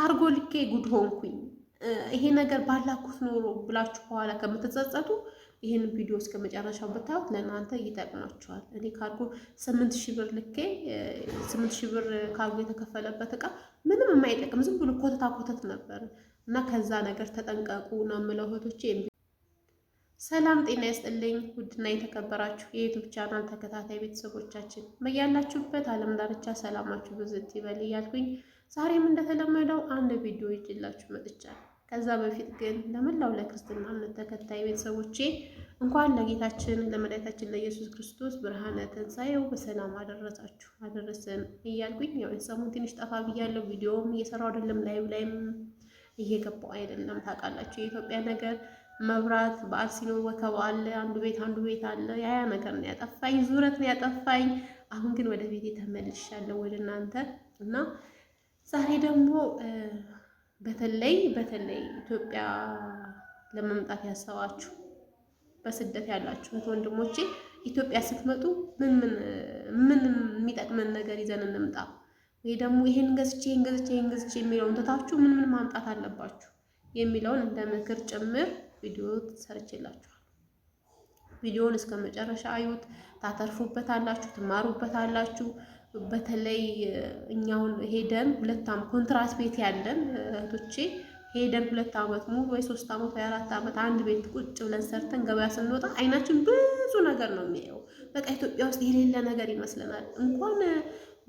ካርጎ ልኬ ጉድ ሆንኩኝ። ይሄ ነገር ባላኩት ኖሮ ብላችሁ በኋላ ከምትጸጸቱ ይህን ቪዲዮ እስከ መጨረሻው ብታዩት ለእናንተ ይጠቅማችኋል። እኔ ካርጎ ስምንት ሺህ ብር ልኬ ስምንት ሺህ ብር ካርጎ የተከፈለበት እቃ ምንም የማይጠቅም ዝም ብሎ ኮተታ ኮተት ነበር እና ከዛ ነገር ተጠንቀቁ ነው የምለው እህቶቼ። ሰላም ጤና ይስጥልኝ። ውድና የተከበራችሁ የዩቱብ ቻናል ተከታታይ ቤተሰቦቻችን በያላችሁበት ዓለም ዳርቻ ሰላማችሁ ብዝት ይበል እያልኩኝ ዛሬም እንደተለመደው አንድ ቪዲዮ ይዤላችሁ መጥቻለሁ። ከዛ በፊት ግን ለመላው ለክርስትና እምነት ተከታይ ቤተሰቦቼ እንኳን ለጌታችን ለመድኃኒታችን ለኢየሱስ ክርስቶስ ብርሃነ ትንሣኤው በሰላም አደረሳችሁ አደረሰን እያልኩኝ ያው ሰሞኑን ትንሽ ጠፋ ብያለሁ። ቪዲዮም እየሰራው አይደለም፣ ላይቭ ላይም እየገባው አይደለም። ታውቃላችሁ የኢትዮጵያ ነገር መብራት በዓል ሲኖር ወከባ አለ። አንዱ ቤት አንዱ ቤት አለ። ያያ ነገር ነው ያጠፋኝ፣ ዙረት ነው ያጠፋኝ። አሁን ግን ወደ ቤቴ ተመልሻለሁ ወደ እናንተ እና ዛሬ ደግሞ በተለይ በተለይ ኢትዮጵያ ለመምጣት ያሰባችሁ በስደት ያላችሁ እህት ወንድሞቼ ኢትዮጵያ ስትመጡ ምን የሚጠቅመን ነገር ይዘን እንምጣ ወይ ደግሞ ይሄን ገዝቼ ይሄን ገዝቼ ይሄን ገዝቼ የሚለውን ትታችሁ ምን ምን ማምጣት አለባችሁ የሚለውን እንደ ምክር ጭምር ቪዲዮ ሰርቼላችኋል። ቪዲዮውን እስከ መጨረሻ አዩት፣ ታተርፉበታላችሁ፣ ትማሩበታላችሁ። በተለይ እኛውን ሄደን ሁለት ዓመት ኮንትራት ቤት ያለን እህቶቼ ሄደን ሁለት ዓመት ሙሉ ወይ ሶስት ዓመት ወይ አራት ዓመት አንድ ቤት ቁጭ ብለን ሰርተን ገበያ ስንወጣ አይናችን ብዙ ነገር ነው የሚያየው። በቃ ኢትዮጵያ ውስጥ የሌለ ነገር ይመስለናል። እንኳን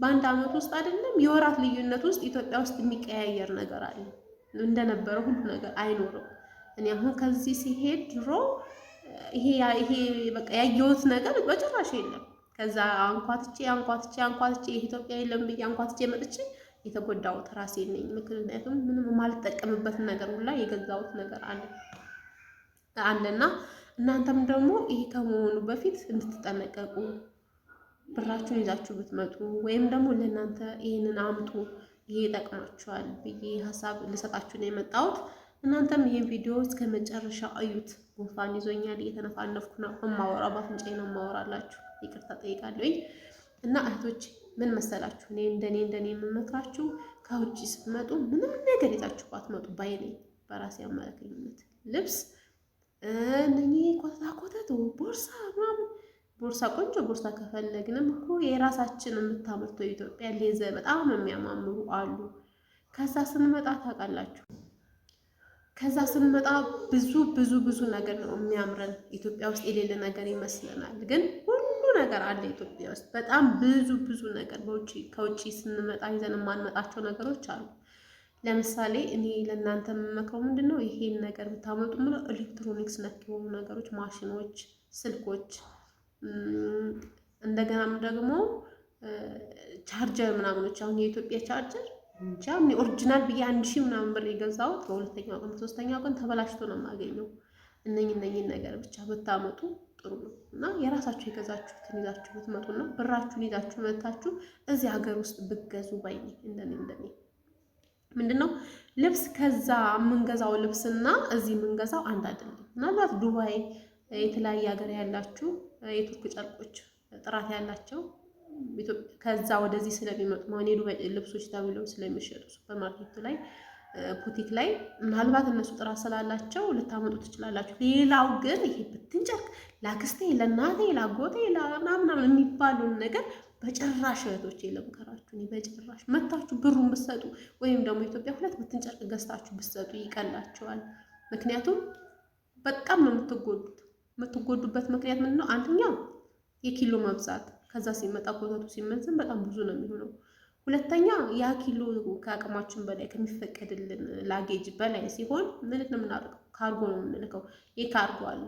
በአንድ ዓመት ውስጥ አይደለም የወራት ልዩነት ውስጥ ኢትዮጵያ ውስጥ የሚቀያየር ነገር አለ። እንደነበረ ሁሉ ነገር አይኖርም። እኔ አሁን ከዚህ ሲሄድ ድሮ ይሄ ይሄ በቃ ያየሁት ነገር በጭራሽ የለም። ከዛ አንኳትቼ አንኳትቼ አንኳትቼ ይህ ኢትዮጵያ የለም ብዬ አንኳትቼ መጥቼ የተጎዳሁት ራሴ ነኝ። ምክንያቱም ምንም የማልጠቀምበት ነገር ሁላ የገዛሁት ነገር አለ አለና እናንተም ደግሞ ይሄ ከመሆኑ በፊት እንድትጠነቀቁ ብራችሁን ይዛችሁ ብትመጡ ወይም ደግሞ ለእናንተ ይህንን አምጡ ይሄ ይጠቅማችኋል ብዬ ሀሳብ ልሰጣችሁ ነው የመጣሁት። እናንተም ይህን ቪዲዮ እስከ መጨረሻ አዩት። ጉንፋን ይዞኛል፣ እየተነፋነፍኩ ነው እማወራው፣ በአፍንጫዬ ነው እማወራላችሁ። ይቅርታ ጠይቃለሁኝ። እና እህቶች ምን መሰላችሁ፣ እኔ እንደኔ እንደኔ የምመክራችሁ ከውጭ ስትመጡ ምንም ነገር ይዛችሁ ባትመጡ ባይ ነኝ። በራሴ አመለካኝነት ልብስ እኔ ኮተታ ኮተት፣ ቦርሳ ምናምን ቦርሳ ቆንጆ ቦርሳ ከፈለግንም እኮ የራሳችን የምታመርተው ኢትዮጵያ ሌዘ በጣም የሚያማምሩ አሉ። ከዛ ስንመጣ ታውቃላችሁ ከዛ ስንመጣ ብዙ ብዙ ብዙ ነገር ነው የሚያምረን። ኢትዮጵያ ውስጥ የሌለ ነገር ይመስለናል፣ ግን ሁሉ ነገር አለ ኢትዮጵያ ውስጥ። በጣም ብዙ ብዙ ነገር በውጭ ከውጭ ስንመጣ ይዘን የማንመጣቸው ነገሮች አሉ። ለምሳሌ እኔ ለእናንተ የምመክረው ምንድን ነው ይሄን ነገር ብታመጡ ምለው ኤሌክትሮኒክስ ነክ የሆኑ ነገሮች፣ ማሽኖች፣ ስልኮች እንደገናም ደግሞ ቻርጀር ምናምኖች አሁን የኢትዮጵያ ቻርጀር እንጃ ኦሪጂናል ብዬ አንድ ሺህ ምናምን ብር የገዛሁት በሁለተኛው ቀን በሶስተኛው ቀን ተበላሽቶ ነው የማገኘው። እነኝ እነኝን ነገር ብቻ ብታመጡ ጥሩ ነው እና የራሳችሁ የገዛችሁትን ይዛችሁ ብትመጡና ብራችሁን ይዛችሁ መታችሁ እዚህ ሀገር ውስጥ ብገዙ ባይኝ እንደኔ እንደኔ ምንድን ነው ልብስ ከዛ የምንገዛው ልብስና እዚህ የምንገዛው አንድ አይደለም። ምናልባት ዱባይ፣ የተለያየ ሀገር ያላችሁ የቱርክ ጨርቆች ጥራት ያላቸው ከዛ ወደዚህ ስለሚመጡ ማን የዱባይ ልብሶች ተብለው ስለሚሸጡ ሱፐርማርኬቱ ላይ ቡቲክ ላይ ምናልባት እነሱ ጥራት ስላላቸው ልታመጡ ትችላላችሁ። ሌላው ግን ይሄ ብትንጨርቅ ላክስቴ፣ ለእናቴ፣ ላጎቴ ምናምናምን የሚባሉን ነገር በጭራሽ እህቶች የለምከራችሁ በጭራሽ መታችሁ ብሩን ብትሰጡ ወይም ደግሞ ኢትዮጵያ ሁለት ብትንጨርቅ ገዝታችሁ ብትሰጡ ይቀላቸዋል። ምክንያቱም በጣም ነው የምትጎዱት። የምትጎዱበት ምክንያት ምንድነው? ነው? አንደኛው የኪሎ መብዛት ከዛ ሲመጣ ኮተቱ ሲመዘን በጣም ብዙ ነው የሚሆነው። ሁለተኛ ያ ኪሎ ከአቅማችን በላይ ከሚፈቀድልን ላጌጅ በላይ ሲሆን ምን ነው ካርጎ ነው የምንልከው። የካርጎ አለ።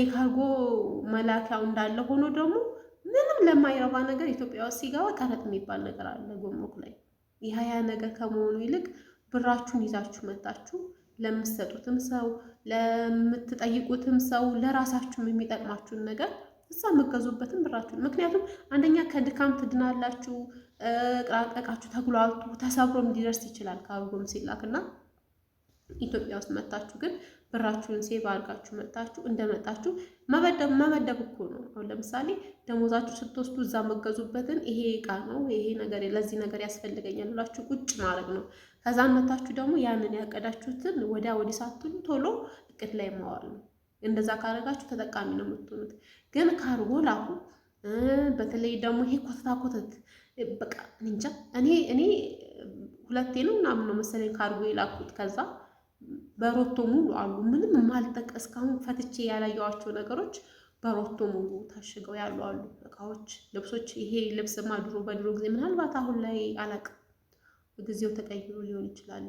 የካርጎ መላኪያው እንዳለ ሆኖ ደግሞ ምንም ለማይረባ ነገር ኢትዮጵያ ውስጥ ሲገባ ቀረጥ የሚባል ነገር አለ ጎሞክ ላይ። ይህ ነገር ከመሆኑ ይልቅ ብራችሁን ይዛችሁ መታችሁ ለምትሰጡትም ሰው ለምትጠይቁትም ሰው ለራሳችሁም የሚጠቅማችሁን ነገር እዛ የምገዙበትን ብራችሁን። ምክንያቱም አንደኛ ከድካም ትድናላችሁ፣ ቅራቀቃችሁ ተጉላልቱ ተሰብሮም ሊደርስ ይችላል ካርጎም ሲላክ እና ኢትዮጵያ ውስጥ መታችሁ ግን ብራችሁን ሴቭ አድርጋችሁ መጣችሁ እንደመጣችሁ መመደብ እኮ ነው። አሁን ለምሳሌ ደሞዛችሁ ስትወስዱ እዛ መገዙበትን ይሄ እቃ ነው ይሄ ነገር ለዚህ ነገር ያስፈልገኛል ብላችሁ ቁጭ ማድረግ ነው። ከዛን መታችሁ ደግሞ ያንን ያቀዳችሁትን ወዲያ ወዲህ ሳትሉ ቶሎ እቅድ ላይ ማዋል ነው። እንደዛ ካደረጋችሁ ተጠቃሚ ነው የምትሆኑት። ግን ካርጎ ላኩ። በተለይ ደግሞ ይሄ ኮተታ ኮተት በቃ እንጃ። እኔ እኔ ሁለቴ ነው ምናምን ነው መሰለኝ ካርጎ የላኩት። ከዛ በሮቶ ሙሉ አሉ። ምንም የማልጠቅ እስካሁን ፈትቼ ያላየዋቸው ነገሮች በሮቶ ሙሉ ታሽገው ያሉ አሉ እቃዎች፣ ልብሶች። ይሄ ልብስማ ድሮ በድሮ ጊዜ ምናልባት አሁን ላይ አላቅም ጊዜው ተቀይሮ ሊሆን ይችላል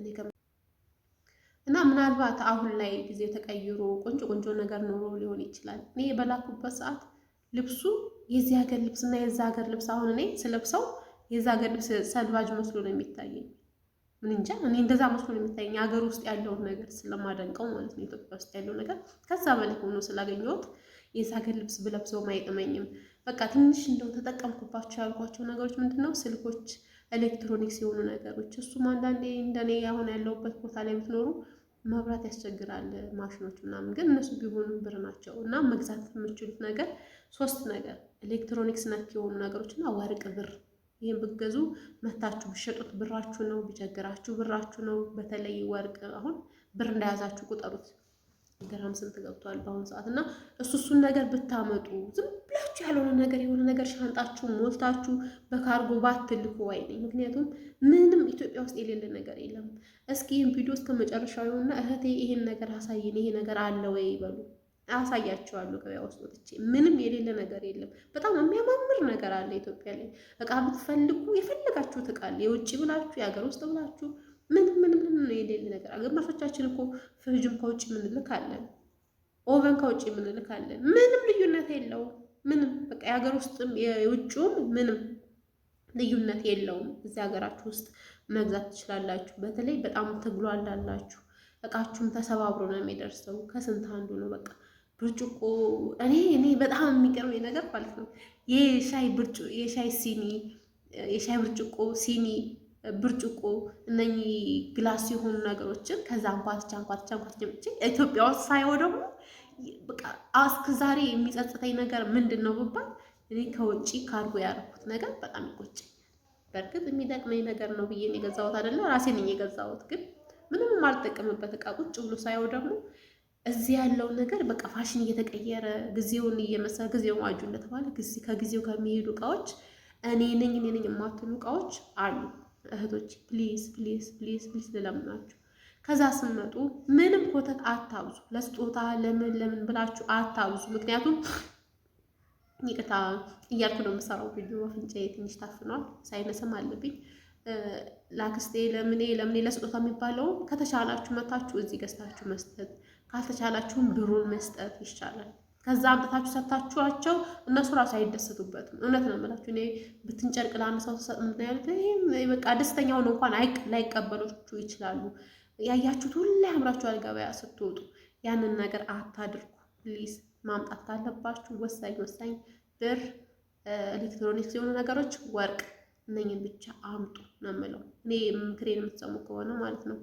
እኔ እና ምናልባት አሁን ላይ ጊዜ ተቀይሮ ቆንጆ ቆንጆ ነገር ኖሮ ሊሆን ይችላል። እኔ በላኩበት ሰዓት ልብሱ የዚህ ሀገር ልብስ እና የዛ ሀገር ልብስ አሁን እኔ ስለብሰው የዛ ሀገር ልብስ ሰልባጅ መስሎ ነው የሚታየኝ። ምን እንጃ እኔ እንደዛ መስሎ ነው የሚታየኝ። ሀገር ውስጥ ያለውን ነገር ስለማደንቀው ማለት ነው፣ ኢትዮጵያ ውስጥ ያለው ነገር ከዛ በላይ ሆኖ ስላገኘሁት የዛ ሀገር ልብስ ብለብሰው አይጥመኝም። በቃ ትንሽ እንደው ተጠቀምኩባቸው ያልኳቸው ነገሮች ምንድን ነው ስልኮች ኤሌክትሮኒክስ የሆኑ ነገሮች እሱም አንዳንዴ እንደኔ አሁን ያለውበት ቦታ ላይ ብትኖሩ መብራት ያስቸግራል ማሽኖች ምናምን፣ ግን እነሱ ቢሆኑ ብር ናቸው እና መግዛት የምችሉት ነገር ሶስት ነገር ኤሌክትሮኒክስ ነክ የሆኑ ነገሮች እና ወርቅ፣ ብር ይህን ብገዙ መታችሁ ብሸጡት ብራችሁ ነው። ቢቸግራችሁ ብራችሁ ነው። በተለይ ወርቅ አሁን ብር እንደያዛችሁ ቁጠሩት። ግራም ስንት ገብቷል በአሁኑ ሰዓት እና እሱ እሱን ነገር ብታመጡ ዝም ሰርታችሁ ያልሆነ ነገር የሆነ ነገር ሻንጣችሁ ሞልታችሁ በካርጎ ባትልኩ ወይ ምክንያቱም ምንም ኢትዮጵያ ውስጥ የሌለ ነገር የለም። እስኪ ይህን ቪዲዮ እስከ መጨረሻው ይሁንና እህቴ ይህን ነገር አሳይን፣ ይሄ ነገር አለ ወይ ይበሉ። አሳያቸዋለሁ። ገበያ ውስጥ ወጥቼ ምንም የሌለ ነገር የለም። በጣም የሚያማምር ነገር አለ ኢትዮጵያ ላይ። እቃ ብትፈልጉ የፈለጋችሁት እቃ አለ። የውጭ ብላችሁ የሀገር ውስጥ ብላችሁ ምንም ምንም ምንም የሌለ ነገር ግማሾቻችን እኮ ፍሪጅም ከውጭ የምንልክ አለን፣ ኦቨን ከውጭ የምንልክ ምንም ልዩነት የለውም። ምንም በቃ የሀገር ውስጥም የውጭውም ምንም ልዩነት የለውም። እዚህ ሀገራችሁ ውስጥ መግዛት ትችላላችሁ። በተለይ በጣም አላላችሁ እቃችሁም ተሰባብሮ ነው የሚደርሰው። ከስንት አንዱ ነው በቃ ብርጭቆ። እኔ እኔ በጣም የሚገርመኝ ነገር ማለት ነው የሻይ ብርጭ የሻይ ሲኒ የሻይ ብርጭቆ ሲኒ ብርጭቆ እነኚህ ግላስ የሆኑ ነገሮችን ከዛ አንኳትቻ አንኳትቻ አንኳትቻ ኢትዮጵያ ውስጥ ሳይሆን ደግሞ በቃ እስከ ዛሬ የሚጸጽተኝ ነገር ምንድን ነው ብባል እኔ ከውጭ ካርጎ ያደረኩት ነገር በጣም ይቆጨኝ። በእርግጥ የሚጠቅመኝ ነገር ነው ብዬ ነው የገዛሁት አይደለ? ራሴ ነኝ ግን ምንም የማልጠቀምበት እቃ ቁጭ ብሎ ሳየው ደግሞ እዚህ ያለው ነገር በቃ ፋሽን እየተቀየረ ጊዜውን እየመሰለ ጊዜው ዋጁ እንደተባለ ጊዜ ከጊዜው ጋር የሚሄዱ እቃዎች እኔ ነኝ እኔ ነኝ የማትሉ እቃዎች አሉ። እህቶች ፕሊዝ ፕሊዝ ፕሊዝ ፕሊዝ ልለምናችሁ ከዛ ስመጡ ምንም ኮተት አታብዙ። ለስጦታ ለምን ለምን ብላችሁ አታብዙ። ምክንያቱም ይቅታ እያልኩ ነው የምሰራው ቪዲዮ አፍንጫዬ ትንሽ ታፍኗል፣ ሳይነስም አለብኝ። ላክስቴ ለምኔ ለምኔ ለስጦታ የሚባለውም ከተቻላችሁ መታችሁ እዚህ ገዝታችሁ መስጠት፣ ካልተቻላችሁም ብሩን መስጠት ይሻላል። ከዛ አምጥታችሁ ሰታችኋቸው እነሱ ራሱ አይደሰቱበትም። እውነት ነው የምላችሁ። እኔ ብትንጨርቅ ለአንድ ሰው ተሰጥ ምናያሉት በቃ ደስተኛውን እንኳን ላይቀበሎቹ ይችላሉ። ያያችሁት ሁላ ያምራችኋል። ገበያ ስትወጡ ያንን ነገር አታድርጉ ፕሊዝ። ማምጣት ካለባችሁ ወሳኝ ወሳኝ ብር፣ ኤሌክትሮኒክስ የሆኑ ነገሮች፣ ወርቅ እነኝን ብቻ አምጡ ነው የምለው እኔ ምክሬን የምትሰሙ ከሆነ ማለት ነው።